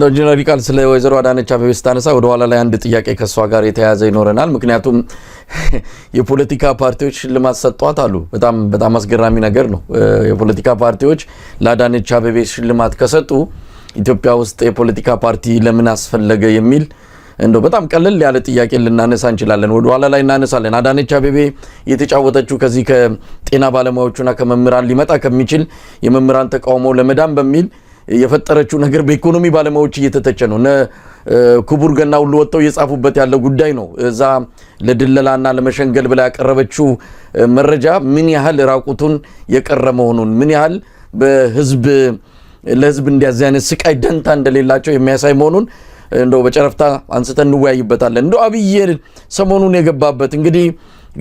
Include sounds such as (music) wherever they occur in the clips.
ሎጂናሪ ቃል ስለ ወይዘሮ አዳነች አቤቤ ስታነሳ ወደ ኋላ ላይ አንድ ጥያቄ ከእሷ ጋር የተያያዘ ይኖረናል። ምክንያቱም (laughs) የፖለቲካ ፓርቲዎች ሽልማት ሰጥቷት አሉ። በጣም በጣም አስገራሚ ነገር ነው። የፖለቲካ ፓርቲዎች ለአዳነች አቤቤ ሽልማት ከሰጡ ኢትዮጵያ ውስጥ የፖለቲካ ፓርቲ ለምን አስፈለገ የሚል እንደው በጣም ቀለል ያለ ጥያቄ ልናነሳ እንችላለን። ወደ ኋላ ላይ እናነሳለን። አዳነች አቤቤ የተጫወተችው ከዚህ ከጤና ባለሙያዎቹና ከመምህራን ሊመጣ ከሚችል የመምህራን ተቃውሞ ለመዳን በሚል የፈጠረችው ነገር በኢኮኖሚ ባለሙያዎች እየተተቸ ነው። ክቡር ገና ሁሉ ወጥተው እየጻፉበት ያለው ጉዳይ ነው። እዛ ለድለላና ለመሸንገል ብላ ያቀረበችው መረጃ ምን ያህል ራቁቱን የቀረ መሆኑን ምን ያህል በህዝብ ለህዝብ እንዲያዚህ አይነት ስቃይ ደንታ እንደሌላቸው የሚያሳይ መሆኑን እንደው በጨረፍታ አንስተን እንወያይበታለን። እንደው አብይ ሰሞኑን የገባበት እንግዲህ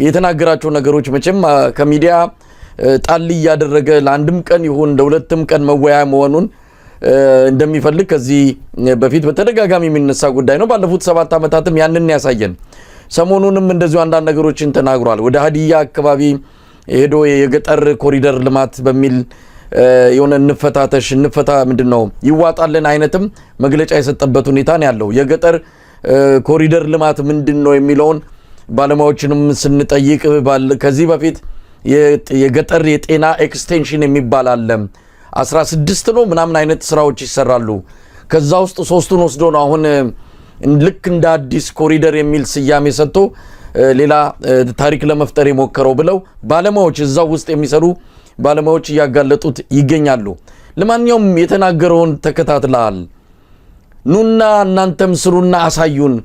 የተናገራቸው ነገሮች መቼም ከሚዲያ ጣል እያደረገ ለአንድም ቀን ይሁን ለሁለትም ቀን መወያ መሆኑን እንደሚፈልግ ከዚህ በፊት በተደጋጋሚ የሚነሳ ጉዳይ ነው። ባለፉት ሰባት ዓመታትም ያንን ያሳየን። ሰሞኑንም እንደዚሁ አንዳንድ ነገሮችን ተናግሯል። ወደ ሀዲያ አካባቢ ሄዶ የገጠር ኮሪደር ልማት በሚል የሆነ እንፈታተሽ እንፈታ ምንድን ነው ይዋጣልን አይነትም መግለጫ የሰጠበት ሁኔታ ነው ያለው። የገጠር ኮሪደር ልማት ምንድን ነው የሚለውን ባለሙያዎችንም ስንጠይቅ ከዚህ በፊት የገጠር የጤና ኤክስቴንሽን የሚባል አለ ስድስት ነው ምናምን አይነት ስራዎች ይሰራሉ። ከዛ ውስጥ ሶስቱን ወስዶ ነው አሁን ልክ እንደ አዲስ ኮሪደር የሚል ስያሜ ሰጥቶ ሌላ ታሪክ ለመፍጠር የሞከረው ብለው ባለሙያዎች እዛው ውስጥ የሚሰሩ ባለሙያዎች እያጋለጡት ይገኛሉ። ለማንኛውም የተናገረውን ተከታትለሃል። ኑና እናንተም ስሩና አሳዩን።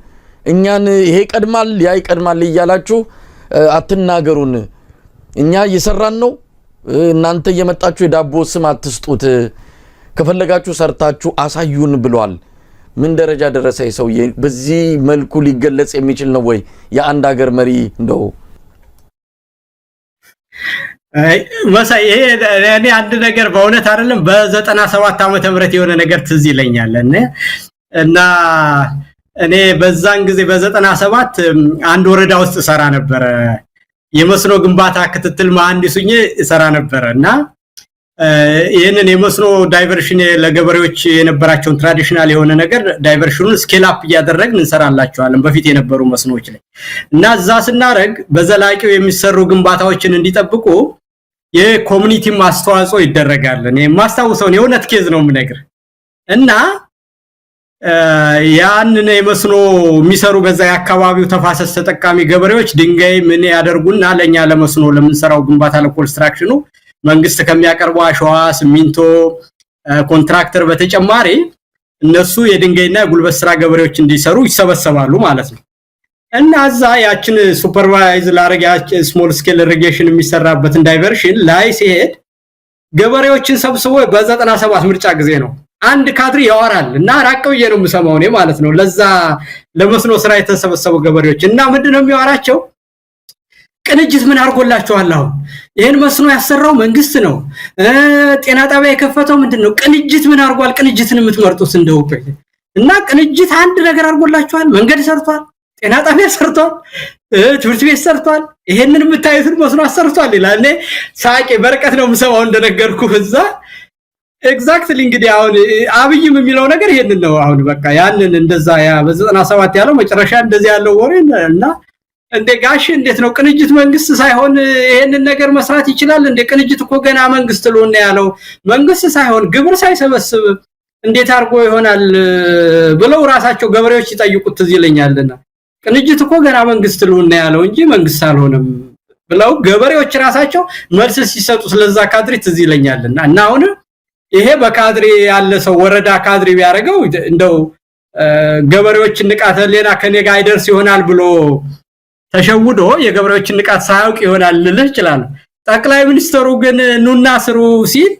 እኛን ይሄ ቀድማል ያ ይቀድማል እያላችሁ አትናገሩን። እኛ እየሰራን ነው እናንተ እየመጣችሁ የዳቦ ስም አትስጡት፣ ከፈለጋችሁ ሰርታችሁ አሳዩን ብሏል። ምን ደረጃ ደረሰ ሰውዬ? በዚህ መልኩ ሊገለጽ የሚችል ነው ወይ የአንድ ሀገር መሪ? እንደው መሳይ ይሄ እኔ አንድ ነገር በእውነት አይደለም በዘጠና ሰባት ዓመተ ምህረት የሆነ ነገር ትዝ ይለኛል እና እኔ በዛን ጊዜ በዘጠና ሰባት አንድ ወረዳ ውስጥ ሰራ ነበረ የመስኖ ግንባታ ክትትል መሐንዲሱኝ እሰራ ነበረ እና ይህንን የመስኖ ዳይቨርሽን ለገበሬዎች የነበራቸውን ትራዲሽናል የሆነ ነገር ዳይቨርሽኑን ስኬል አፕ እያደረግን እንሰራላቸዋለን በፊት የነበሩ መስኖዎች ላይ እና እዛ ስናደረግ በዘላቂው የሚሰሩ ግንባታዎችን እንዲጠብቁ የኮሚኒቲም አስተዋጽኦ ይደረጋለን። ማስታውሰውን የእውነት ኬዝ ነው የምነግር እና ያንን የመስኖ የሚሰሩ በዛ የአካባቢው ተፋሰስ ተጠቃሚ ገበሬዎች ድንጋይ ምን ያደርጉና ለእኛ ለመስኖ ለምንሰራው ግንባታ ለኮንስትራክሽኑ መንግስት ከሚያቀርበው አሸዋ፣ ሲሚንቶ፣ ኮንትራክተር በተጨማሪ እነሱ የድንጋይና የጉልበት ስራ ገበሬዎች እንዲሰሩ ይሰበሰባሉ ማለት ነው። እና እዛ ያችን ሱፐርቫይዝ ላረግ ስሞል ስኬል ኢሪጌሽን የሚሰራበትን ዳይቨርሽን ላይ ሲሄድ ገበሬዎችን ሰብስቦ በዘጠና ሰባት ምርጫ ጊዜ ነው አንድ ካድሬ ያወራል እና ራቅ ብዬ ነው የምሰማው እኔ ማለት ነው። ለዛ ለመስኖ ስራ የተሰበሰቡ ገበሬዎች እና ምንድን ነው የሚያወራቸው? ቅንጅት ምን አድርጎላቸዋል? አሁን ይህን መስኖ ያሰራው መንግስት ነው። ጤና ጣቢያ የከፈተው ምንድን ነው? ቅንጅት ምን አድርጓል? ቅንጅትን የምትመርጡት እንደው እና ቅንጅት አንድ ነገር አድርጎላቸዋል። መንገድ ሰርቷል፣ ጤና ጣቢያ ሰርቷል፣ ትምህርት ቤት ሰርቷል፣ ይሄንን የምታዩትን መስኖ አሰርቷል ይላል። እኔ ሳቄ በርቀት ነው የምሰማው እንደነገርኩ እዛ ኤግዛክትሊ እንግዲህ አሁን አብይም የሚለው ነገር ይሄንን ነው። አሁን በቃ ያንን እንደዛ ያ በዘጠና ሰባት ያለው መጨረሻ እንደዚህ ያለው ወሬ እና እንደ ጋሽ እንዴት ነው ቅንጅት መንግስት ሳይሆን ይሄንን ነገር መስራት ይችላል? እንደ ቅንጅት እኮ ገና መንግስት ልሆን ያለው መንግስት ሳይሆን ግብር ሳይሰበስብ እንዴት አድርጎ ይሆናል ብለው ራሳቸው ገበሬዎች ይጠይቁት ትዝ ይለኛልና ቅንጅት እኮ ገና መንግስት ልሆን ያለው እንጂ መንግስት አልሆነም ብለው ገበሬዎች ራሳቸው መልስ ሲሰጡ ስለዛ ካድሬ ትዝ ይለኛልና እና አሁንም ይሄ በካድሬ ያለ ሰው ወረዳ ካድሬ ቢያደርገው እንደው ገበሬዎችን ንቃተ ሌላ ከኔ ጋር አይደርስ ይሆናል ብሎ ተሸውዶ የገበሬዎችን ንቃት ሳያውቅ ይሆናል ልልህ ይችላል። ጠቅላይ ሚኒስትሩ ግን ኑና ስሩ ሲል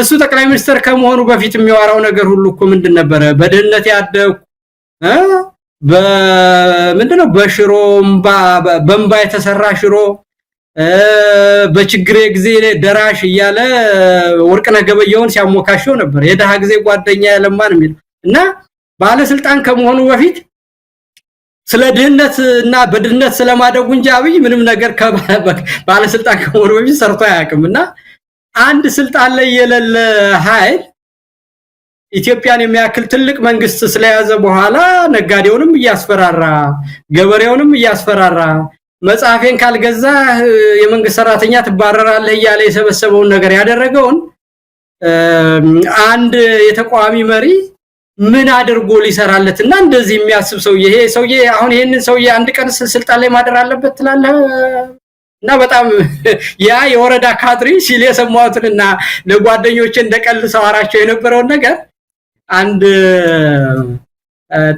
እሱ ጠቅላይ ሚኒስትር ከመሆኑ በፊት የሚያወራው ነገር ሁሉ እኮ ምንድን ነበረ? በድህነት ያደግኩ በምንድነው በሽሮ በእንባ የተሰራ ሽሮ በችግሬ ጊዜ ደራሽ እያለ ወርቅነህ ገበየሁን ሲያሞካሸው ነበር። የድሃ ጊዜ ጓደኛ ያለማን የሚል እና ባለስልጣን ከመሆኑ በፊት ስለ ድህነት እና በድህነት ስለማደጉ እንጂ አብይ ምንም ነገር ባለስልጣን ከመሆኑ በፊት ሰርቶ አያውቅም። እና አንድ ስልጣን ላይ የሌለ ኃይል ኢትዮጵያን የሚያክል ትልቅ መንግስት ስለያዘ በኋላ ነጋዴውንም እያስፈራራ ገበሬውንም እያስፈራራ መጽሐፌን ካልገዛ የመንግስት ሰራተኛ ትባረራለህ እያለ የሰበሰበውን ነገር ያደረገውን አንድ የተቃዋሚ መሪ ምን አድርጎ ሊሰራለትና እንደዚህ የሚያስብ ሰው ይሄ ሰውዬ አሁን ይህንን ሰውዬ አንድ ቀን ስልጣን ላይ ማደር አለበት ትላለህ። እና በጣም ያ የወረዳ ካድሪ ሲል የሰማሁትንና ለጓደኞቼ እንደቀልድ አራቸው የነበረውን ነገር አንድ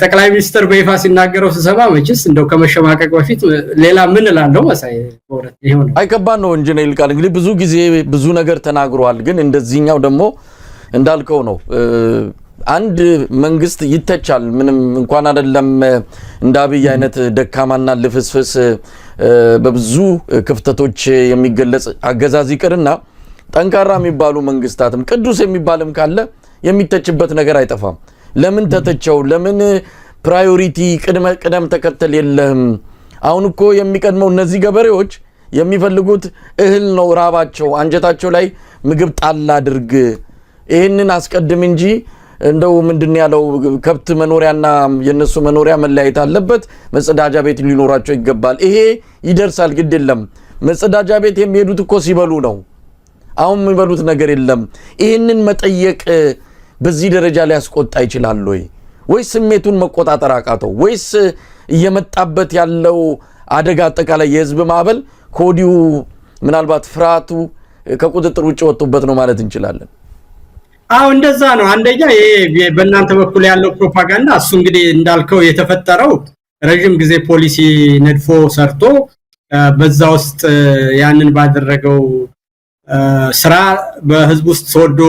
ጠቅላይ ሚኒስትር በይፋ ሲናገረው ስሰማ መችስ እንደው ከመሸማቀቅ በፊት ሌላ ምን እላለሁ መሳይ አይገባን ነው እንጂ ነው ይልቃል እንግዲህ ብዙ ጊዜ ብዙ ነገር ተናግሯል። ግን እንደዚህኛው ደግሞ እንዳልከው ነው። አንድ መንግስት ይተቻል። ምንም እንኳን አይደለም እንደ አብይ አይነት ደካማና ልፍስፍስ በብዙ ክፍተቶች የሚገለጽ አገዛዝ ይቅርና ጠንካራ የሚባሉ መንግስታትም ቅዱስ የሚባልም ካለ የሚተችበት ነገር አይጠፋም። ለምን ተተቸው? ለምን ፕራዮሪቲ ቅድመ ቅደም ተከተል የለህም? አሁን እኮ የሚቀድመው እነዚህ ገበሬዎች የሚፈልጉት እህል ነው። ራባቸው፣ አንጀታቸው ላይ ምግብ ጣል አድርግ፣ ይህንን አስቀድም እንጂ እንደው ምንድን ያለው ከብት መኖሪያና የእነሱ መኖሪያ መለያየት አለበት። መጸዳጃ ቤት ሊኖራቸው ይገባል። ይሄ ይደርሳል፣ ግድ የለም። መጸዳጃ ቤት የሚሄዱት እኮ ሲበሉ ነው። አሁን የሚበሉት ነገር የለም። ይህንን መጠየቅ በዚህ ደረጃ ሊያስቆጣ ይችላል ወይ? ወይስ ስሜቱን መቆጣጠር አቃተው? ወይስ እየመጣበት ያለው አደጋ አጠቃላይ የህዝብ ማዕበል ከወዲሁ ምናልባት ፍርሃቱ ከቁጥጥር ውጭ ወጥቶበት ነው ማለት እንችላለን? አዎ እንደዛ ነው። አንደኛ በእናንተ በኩል ያለው ፕሮፓጋንዳ እሱ እንግዲህ እንዳልከው የተፈጠረው ረዥም ጊዜ ፖሊሲ ነድፎ ሰርቶ በዛ ውስጥ ያንን ባደረገው ስራ በህዝብ ውስጥ ተወዶ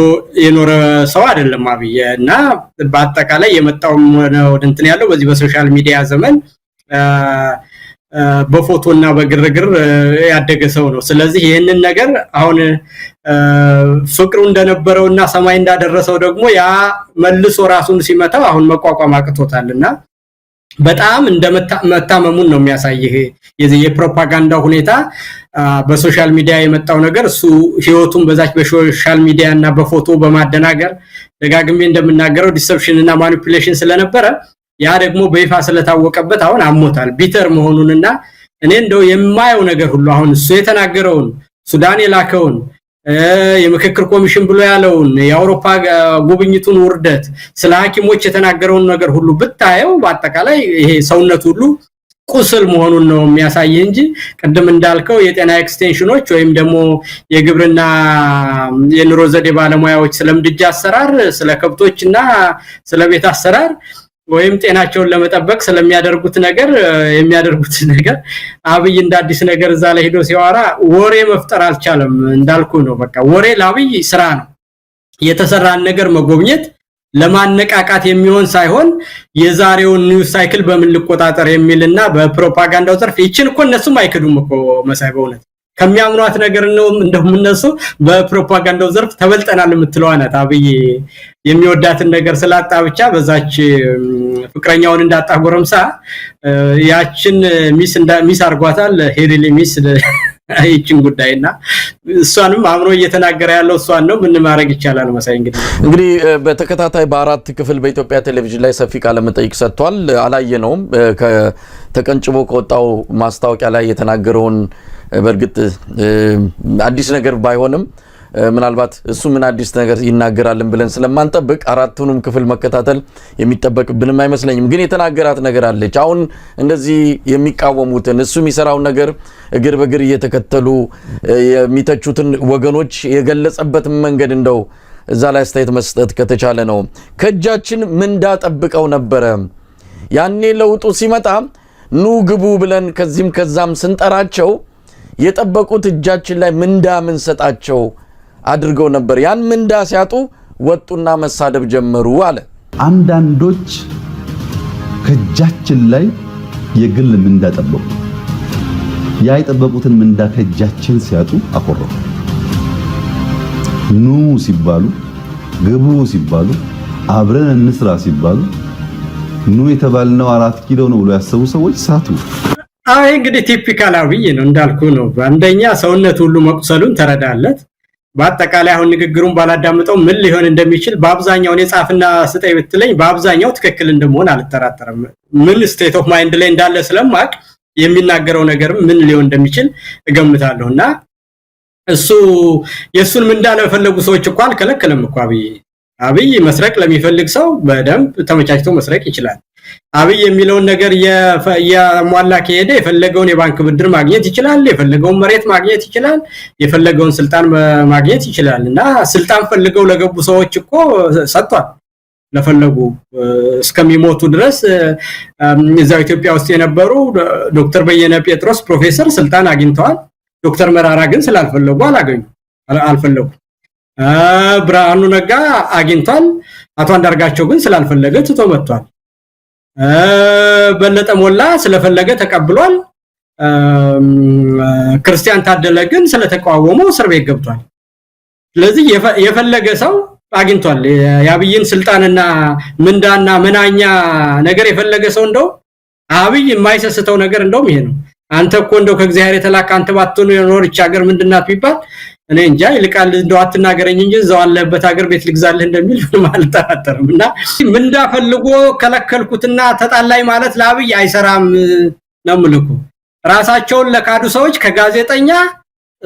የኖረ ሰው አይደለም አብይ እና በአጠቃላይ የመጣውም እንትን ያለው በዚህ በሶሻል ሚዲያ ዘመን በፎቶ እና በግርግር ያደገ ሰው ነው። ስለዚህ ይህንን ነገር አሁን ፍቅሩ እንደነበረው እና ሰማይ እንዳደረሰው ደግሞ ያ መልሶ ራሱን ሲመታው አሁን መቋቋም አቅቶታል እና በጣም እንደመታመሙን ነው የሚያሳይህ የዚህ የፕሮፓጋንዳ ሁኔታ በሶሻል ሚዲያ የመጣው ነገር እሱ ህይወቱን በዛች በሶሻል ሚዲያ እና በፎቶ በማደናገር ደጋግሜ እንደምናገረው ዲሰፕሽን እና ማኒፕሌሽን ስለነበረ ያ ደግሞ በይፋ ስለታወቀበት አሁን አሞታል። ቢተር መሆኑንና እኔ እንደው የማየው ነገር ሁሉ አሁን እሱ የተናገረውን ሱዳን የላከውን የምክክር ኮሚሽን ብሎ ያለውን የአውሮፓ ጉብኝቱን ውርደት ስለ ሐኪሞች የተናገረውን ነገር ሁሉ ብታየው በአጠቃላይ ይሄ ሰውነት ሁሉ ቁስል መሆኑን ነው የሚያሳይ እንጂ ቅድም እንዳልከው የጤና ኤክስቴንሽኖች ወይም ደግሞ የግብርና የኑሮ ዘዴ ባለሙያዎች ስለ ምድጃ አሰራር፣ ስለ ከብቶችና ስለ ቤት አሰራር ወይም ጤናቸውን ለመጠበቅ ስለሚያደርጉት ነገር የሚያደርጉት ነገር አብይ እንደ አዲስ ነገር እዛ ላይ ሄዶ ሲያወራ ወሬ መፍጠር አልቻለም። እንዳልኩ ነው በቃ ወሬ ለአብይ ስራ ነው የተሰራን ነገር መጎብኘት ለማነቃቃት የሚሆን ሳይሆን የዛሬውን ኒውስ ሳይክል በምን ልቆጣጠር የሚልና በፕሮፓጋንዳው ዘርፍ ይችን እኮ እነሱም አይክዱም እኮ መሳይ በእውነት ከሚያምኗት ነገር ነው። እንደውም እነሱ በፕሮፓጋንዳው ዘርፍ ተበልጠናል የምትለው ናት። አብይ የሚወዳትን ነገር ስላጣ ብቻ በዛች ፍቅረኛውን እንዳጣ ጎረምሳ ያችን ሚስ ሚስ አድርጓታል። ሄሪሊ ሚስ ይችን ጉዳይና እሷንም አምሮ እየተናገረ ያለው እሷን ነው። ምን ማድረግ ይቻላል? መሳይ እንግዲህ እንግዲህ በተከታታይ በአራት ክፍል በኢትዮጵያ ቴሌቪዥን ላይ ሰፊ ቃለ መጠይቅ ሰጥቷል። አላየነውም። ተቀንጭቦ ከወጣው ማስታወቂያ ላይ የተናገረውን በእርግጥ አዲስ ነገር ባይሆንም ምናልባት እሱ ምን አዲስ ነገር ይናገራልን ብለን ስለማንጠብቅ አራቱንም ክፍል መከታተል የሚጠበቅብንም አይመስለኝም። ግን የተናገራት ነገር አለች። አሁን እንደዚህ የሚቃወሙትን እሱ የሚሰራውን ነገር እግር በእግር እየተከተሉ የሚተቹትን ወገኖች የገለጸበት መንገድ እንደው እዛ ላይ አስተያየት መስጠት ከተቻለ ነው። ከእጃችን ምንዳ ጠብቀው ነበረ ያኔ ለውጡ ሲመጣ ኑ ግቡ ብለን ከዚህም ከዛም ስንጠራቸው የጠበቁት እጃችን ላይ ምንዳ ምንሰጣቸው አድርገው ነበር። ያን ምንዳ ሲያጡ ወጡና መሳደብ ጀመሩ አለ። አንዳንዶች ከእጃችን ላይ የግል ምንዳ ጠበቁ። ያ የጠበቁትን ምንዳ ከእጃችን ሲያጡ አኮረፉ። ኑ ሲባሉ፣ ግቡ ሲባሉ፣ አብረን እንስራ ሲባሉ ኑ የተባልነው አራት ኪሎ ነው ብሎ ያሰቡ ሰዎች ሳቱ። አይ እንግዲህ ቲፒካል አብይ ነው እንዳልኩ ነው። አንደኛ ሰውነት ሁሉ መቁሰሉን ተረዳለት። በአጠቃላይ አሁን ንግግሩን ባላዳምጠው ምን ሊሆን እንደሚችል በአብዛኛው እኔ ጻፍና ስጠኝ ብትለኝ በአብዛኛው ትክክል እንደመሆን አልጠራጠርም። ምን ስቴት ኦፍ ማይንድ ላይ እንዳለ ስለማቅ የሚናገረው ነገር ምን ሊሆን እንደሚችል እገምታለሁ እና እሱ የእሱን ምንዳን የፈለጉ ሰዎች እኮ አልከለከለም እኮ አብይ አብይ መስረቅ ለሚፈልግ ሰው በደንብ ተመቻችቶ መስረቅ ይችላል። አብይ የሚለውን ነገር የሟላ ከሄደ የፈለገውን የባንክ ብድር ማግኘት ይችላል፣ የፈለገውን መሬት ማግኘት ይችላል፣ የፈለገውን ስልጣን ማግኘት ይችላል። እና ስልጣን ፈልገው ለገቡ ሰዎች እኮ ሰጥቷል። ለፈለጉ እስከሚሞቱ ድረስ እዚያው ኢትዮጵያ ውስጥ የነበሩ ዶክተር በየነ ጴጥሮስ ፕሮፌሰር ስልጣን አግኝተዋል። ዶክተር መራራ ግን ስላልፈለጉ አላገኙ አልፈለጉ። ብርሃኑ ነጋ አግኝቷል። አቶ አንዳርጋቸው ግን ስላልፈለገ ትቶ መጥቷል። በለጠ ሞላ ስለፈለገ ተቀብሏል። ክርስቲያን ታደለ ግን ስለተቃወመው እስር ቤት ገብቷል። ስለዚህ የፈለገ ሰው አግኝቷል። የአብይን ስልጣንና ምንዳና መናኛ ነገር የፈለገ ሰው እንደው አብይ የማይሰስተው ነገር እንደውም ይሄ ነው። አንተ እኮ እንደው ከእግዚአብሔር የተላከ አንተ ባትሆኑ የኖረች ሀገር ምንድናት ቢባል እኔ እንጃ ይልቃል እንደው አትናገረኝ እንጂ እዛው አለበት ሀገር ቤት ልግዛልህ እንደሚል አልጠራጠርም። እና ምንዳ ፈልጎ ከለከልኩትና ተጣላይ ማለት ለአብይ አይሰራም ነው ምልኩ። ራሳቸውን ለካዱ ሰዎች ከጋዜጠኛ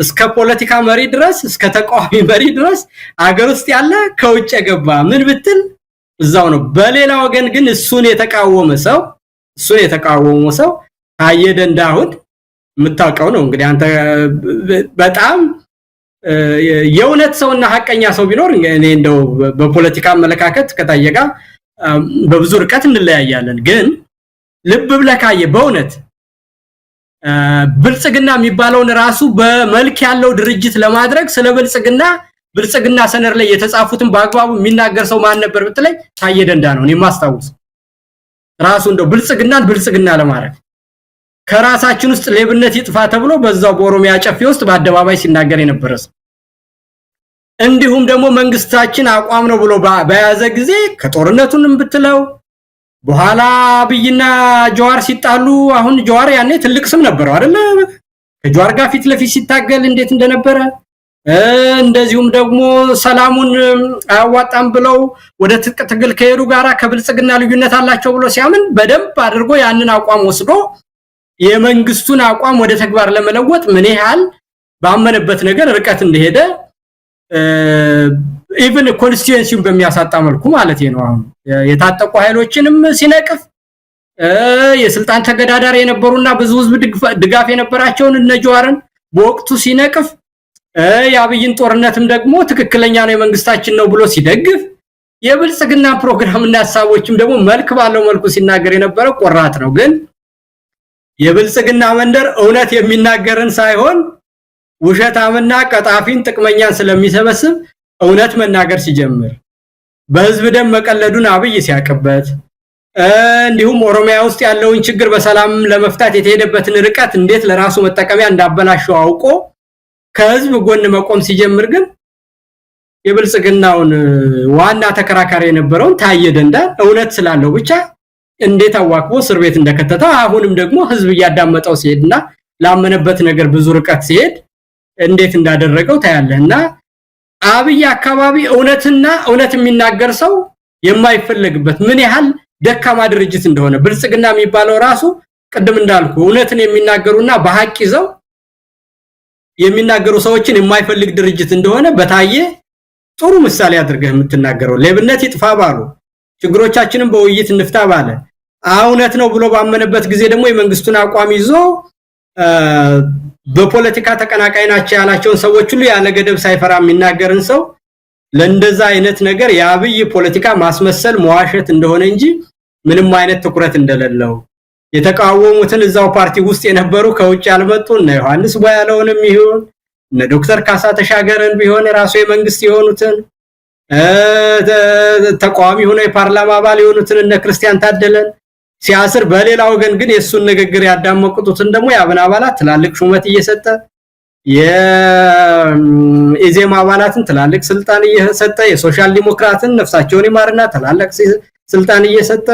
እስከ ፖለቲካ መሪ ድረስ እስከ ተቃዋሚ መሪ ድረስ አገር ውስጥ ያለ ከውጭ የገባ ምን ብትል እዛው ነው። በሌላ ወገን ግን እሱን የተቃወመ ሰው እሱን የተቃወመ ሰው ታየ ደንዳሁን የምታውቀው ነው እንግዲህ አንተ በጣም የእውነት ሰውና ሀቀኛ ሰው ቢኖር እኔ እንደው በፖለቲካ አመለካከት ከታየ ጋር በብዙ ርቀት እንለያያለን። ግን ልብ ብለህ በእውነት ብልጽግና የሚባለውን ራሱ በመልክ ያለው ድርጅት ለማድረግ ስለ ብልጽግና ብልጽግና ሰነድ ላይ የተጻፉትን በአግባቡ የሚናገር ሰው ማን ነበር ብትለኝ፣ ታየ ደንዳ ነው እኔ የማስታውስ ራሱ እንደው ብልጽግናን ብልጽግና ለማድረግ ከራሳችን ውስጥ ሌብነት ይጥፋ ተብሎ በዛው በኦሮሚያ ጨፌ ውስጥ በአደባባይ ሲናገር የነበረ ሰው እንዲሁም ደግሞ መንግስታችን አቋም ነው ብሎ በያዘ ጊዜ ከጦርነቱን ብትለው በኋላ አብይና ጀዋር ሲጣሉ አሁን ጀዋር ያኔ ትልቅ ስም ነበረው አይደለ? ከጀዋር ጋር ፊት ለፊት ሲታገል እንዴት እንደነበረ እንደዚሁም ደግሞ ሰላሙን አያዋጣም ብለው ወደ ትጥቅ ትግል ከሄዱ ጋራ ከብልጽግና ልዩነት አላቸው ብሎ ሲያምን በደንብ አድርጎ ያንን አቋም ወስዶ የመንግስቱን አቋም ወደ ተግባር ለመለወጥ ምን ያህል ባመነበት ነገር ርቀት እንደሄደ ኢቭን ኮንስቲትዌንሲውን በሚያሳጣ መልኩ ማለት ነው። አሁን የታጠቁ ኃይሎችንም ሲነቅፍ የስልጣን ተገዳዳሪ የነበሩና ብዙ ህዝብ ድጋፍ የነበራቸውን እነ ጀዋርን በወቅቱ ሲነቅፍ የአብይን ጦርነትም ደግሞ ትክክለኛ ነው የመንግስታችን ነው ብሎ ሲደግፍ የብልጽግና ፕሮግራምና ሀሳቦችም ደግሞ መልክ ባለው መልኩ ሲናገር የነበረ ቆራት ነው ግን የብልጽግና መንደር እውነት የሚናገርን ሳይሆን ውሸታምና ቀጣፊን ጥቅመኛን ስለሚሰበስብ እውነት መናገር ሲጀምር በህዝብ ደም መቀለዱን አብይ ሲያቅበት እንዲሁም ኦሮሚያ ውስጥ ያለውን ችግር በሰላም ለመፍታት የተሄደበትን ርቀት እንዴት ለራሱ መጠቀሚያ እንዳበላሸው አውቆ ከህዝብ ጎን መቆም ሲጀምር ግን የብልጽግናውን ዋና ተከራካሪ የነበረውን ታየ ደንዳ እውነት ስላለው ብቻ እንዴት አዋክቦ እስር ቤት እንደከተተ አሁንም ደግሞ ህዝብ እያዳመጠው ሲሄድና ላመነበት ነገር ብዙ ርቀት ሲሄድ እንዴት እንዳደረገው ታያለህ። እና አብይ አካባቢ እውነትና እውነት የሚናገር ሰው የማይፈለግበት ምን ያህል ደካማ ድርጅት እንደሆነ ብልጽግና የሚባለው ራሱ ቅድም እንዳልኩ እውነትን የሚናገሩና በሀቅ ይዘው የሚናገሩ ሰዎችን የማይፈልግ ድርጅት እንደሆነ በታየ ጥሩ ምሳሌ አድርገህ የምትናገረው ሌብነት ይጥፋ ባሉ ችግሮቻችንን በውይይት እንፍታ ባለ እውነት ነው ብሎ ባመነበት ጊዜ ደግሞ የመንግስቱን አቋም ይዞ በፖለቲካ ተቀናቃይ ናቸው ያላቸውን ሰዎች ሁሉ ያለ ገደብ ሳይፈራ የሚናገርን ሰው ለእንደዛ አይነት ነገር የአብይ ፖለቲካ ማስመሰል መዋሸት እንደሆነ እንጂ ምንም አይነት ትኩረት እንደሌለው የተቃወሙትን እዛው ፓርቲ ውስጥ የነበሩ ከውጭ ያልመጡ እነ ዮሐንስ ቧያለውንም ይሁን እነ ዶክተር ካሳ ተሻገረን ቢሆን ራሱ የመንግስት የሆኑትን ተቃዋሚ ሆነው የፓርላማ አባል የሆኑትን እነ ክርስቲያን ታደለን ሲያስር በሌላ ወገን ግን የሱን ንግግር ያዳመቁትን ደግሞ የአብን አባላት ትላልቅ ሹመት እየሰጠ የኢዜማ አባላትን ትላልቅ ስልጣን እየሰጠ የሶሻል ዲሞክራትን ነፍሳቸውን ይማርና ትላልቅ ስልጣን እየሰጠ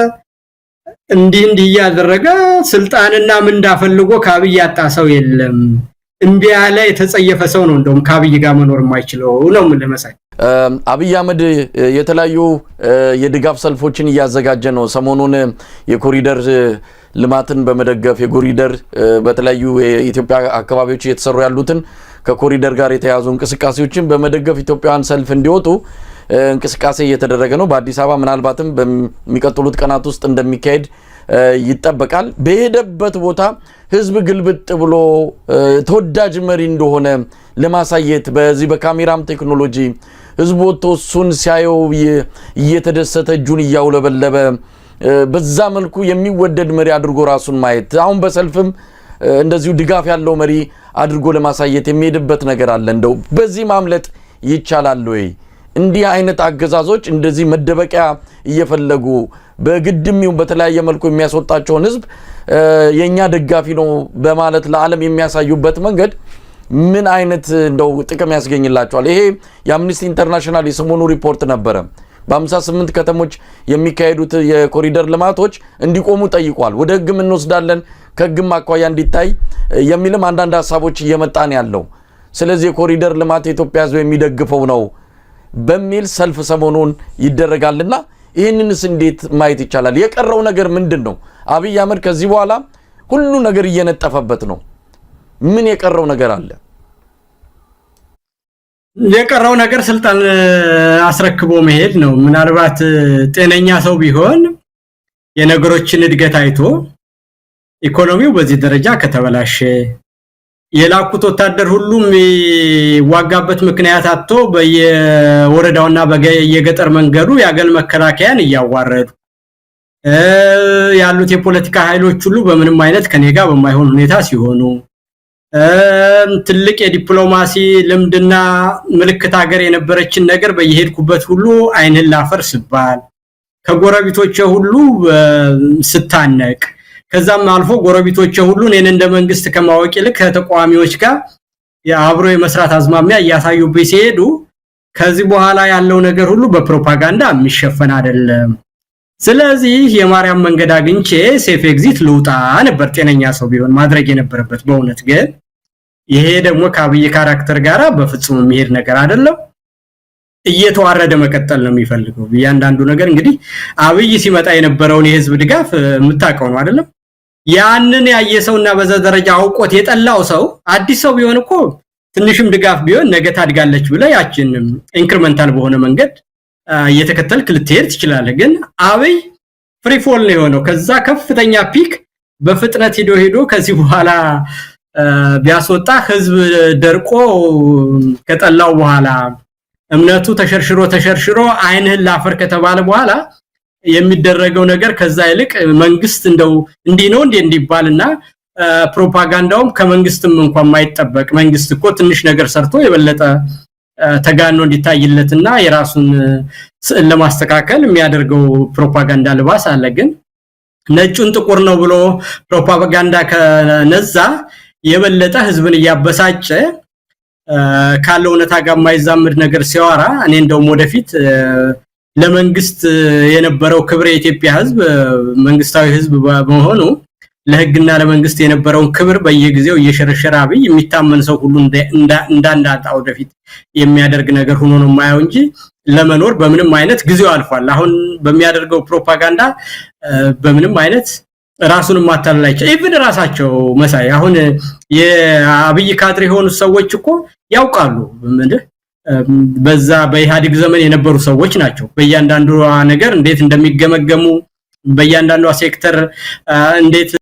እንዲህ እንዲህ እያደረገ ስልጣንና ምን እንዳፈልጎ ከአብይ ያጣ ሰው የለም። እምቢ ያለ የተጸየፈ ሰው ነው እንደውም ከአብይ ጋር መኖር የማይችለው ነው ለመሳይ አብይ አህመድ የተለያዩ የድጋፍ ሰልፎችን እያዘጋጀ ነው። ሰሞኑን የኮሪደር ልማትን በመደገፍ የኮሪደር በተለያዩ የኢትዮጵያ አካባቢዎች እየተሰሩ ያሉትን ከኮሪደር ጋር የተያያዙ እንቅስቃሴዎችን በመደገፍ ኢትዮጵያውያን ሰልፍ እንዲወጡ እንቅስቃሴ እየተደረገ ነው። በአዲስ አበባ ምናልባትም በሚቀጥሉት ቀናት ውስጥ እንደሚካሄድ ይጠበቃል። በሄደበት ቦታ ህዝብ ግልብጥ ብሎ ተወዳጅ መሪ እንደሆነ ለማሳየት በዚህ በካሜራም ቴክኖሎጂ ህዝቡ ወጥቶ እሱን ሲያየው እየተደሰተ እጁን እያውለበለበ በዛ መልኩ የሚወደድ መሪ አድርጎ ራሱን ማየት አሁን በሰልፍም እንደዚሁ ድጋፍ ያለው መሪ አድርጎ ለማሳየት የሚሄድበት ነገር አለ። እንደው በዚህ ማምለጥ ይቻላል ወይ? እንዲህ አይነት አገዛዞች እንደዚህ መደበቂያ እየፈለጉ በግድም ይሁን በተለያየ መልኩ የሚያስወጣቸውን ህዝብ የእኛ ደጋፊ ነው በማለት ለዓለም የሚያሳዩበት መንገድ ምን አይነት እንደው ጥቅም ያስገኝላቸዋል? ይሄ የአምኒስቲ ኢንተርናሽናል የሰሞኑ ሪፖርት ነበረ። በ58 ከተሞች የሚካሄዱት የኮሪደር ልማቶች እንዲቆሙ ጠይቋል። ወደ ህግም እንወስዳለን ከህግም አኳያ እንዲታይ የሚልም አንዳንድ ሀሳቦች እየመጣን ያለው። ስለዚህ የኮሪደር ልማት የኢትዮጵያ ህዝብ የሚደግፈው ነው በሚል ሰልፍ ሰሞኑን ይደረጋልና ይህንንስ እንዴት ማየት ይቻላል? የቀረው ነገር ምንድን ነው? አብይ አህመድ ከዚህ በኋላ ሁሉ ነገር እየነጠፈበት ነው። ምን የቀረው ነገር አለ? የቀረው ነገር ስልጣን አስረክቦ መሄድ ነው። ምናልባት ጤነኛ ሰው ቢሆን የነገሮችን እድገት አይቶ ኢኮኖሚው በዚህ ደረጃ ከተበላሸ የላኩት ወታደር ሁሉ የሚዋጋበት ምክንያት አጥቶ በየወረዳውና በየገጠር መንገዱ የአገር መከላከያን እያዋረዱ ያሉት የፖለቲካ ኃይሎች ሁሉ በምንም አይነት ከኔ ጋር በማይሆን ሁኔታ ሲሆኑ ትልቅ የዲፕሎማሲ ልምድና ምልክት ሀገር የነበረችን ነገር በየሄድኩበት ሁሉ ዓይንህን ላፈር ስባል ከጎረቢቶች ሁሉ ስታነቅ ከዛም አልፎ ጎረቢቶች ሁሉ እኔን እንደ መንግስት ከማወቅ ይልቅ ከተቃዋሚዎች ጋር አብሮ የመስራት አዝማሚያ እያሳዩብኝ ሲሄዱ ከዚህ በኋላ ያለው ነገር ሁሉ በፕሮፓጋንዳ የሚሸፈን አይደለም። ስለዚህ የማርያም መንገድ አግኝቼ ሴፍ ኤግዚት ልውጣ ነበር ጤነኛ ሰው ቢሆን ማድረግ የነበረበት። በእውነት ግን ይሄ ደግሞ ከአብይ ካራክተር ጋራ በፍጹም የሚሄድ ነገር አይደለም። እየተዋረደ መቀጠል ነው የሚፈልገው። እያንዳንዱ ነገር እንግዲህ አብይ ሲመጣ የነበረውን የህዝብ ድጋፍ የምታውቀው ነው አይደለም? ያንን ያየ ሰው እና በዛ ደረጃ አውቆት የጠላው ሰው አዲስ ሰው ቢሆን እኮ ትንሽም ድጋፍ ቢሆን ነገ ታድጋለች ብለ ያችን ኢንክሪመንታል በሆነ መንገድ እየተከተልክ ልትሄድ ትችላለህ። ግን አብይ ፍሪፎል ነው የሆነው ከዛ ከፍተኛ ፒክ በፍጥነት ሂዶ ሂዶ ከዚህ በኋላ ቢያስወጣ ህዝብ ደርቆ ከጠላው በኋላ እምነቱ ተሸርሽሮ ተሸርሽሮ አይንህን ላፈር ከተባለ በኋላ የሚደረገው ነገር ከዛ ይልቅ መንግስት እንደው እንዲህ ነው እንዴ እንዲባልና ፕሮፓጋንዳውም ከመንግስትም እንኳን ማይጠበቅ መንግስት እኮ ትንሽ ነገር ሰርቶ የበለጠ ተጋኖ እንዲታይለትና የራሱን ስዕል ለማስተካከል የሚያደርገው ፕሮፓጋንዳ ልባስ አለ። ግን ነጩን ጥቁር ነው ብሎ ፕሮፓጋንዳ ከነዛ የበለጠ ህዝብን እያበሳጨ ካለው እውነታ ጋር የማይዛምድ ነገር ሲያወራ እኔ እንደውም ወደፊት ለመንግስት የነበረው ክብር የኢትዮጵያ ህዝብ መንግስታዊ ህዝብ በመሆኑ ለህግና ለመንግስት የነበረውን ክብር በየጊዜው እየሸረሸረ አብይ የሚታመን ሰው ሁሉ እንዳንዳጣ ወደፊት የሚያደርግ ነገር ሆኖ ነው የማየው እንጂ ለመኖር በምንም አይነት ጊዜው አልፏል። አሁን በሚያደርገው ፕሮፓጋንዳ በምንም አይነት ራሱን ማታለል አይቻል። ኢቭን ራሳቸው መሳይ አሁን የአብይ ካድሬ የሆኑ ሰዎች እኮ ያውቃሉ። በዛ በኢህአዴግ ዘመን የነበሩ ሰዎች ናቸው። በእያንዳንዷ ነገር እንዴት እንደሚገመገሙ በእያንዳንዷ ሴክተር እንዴት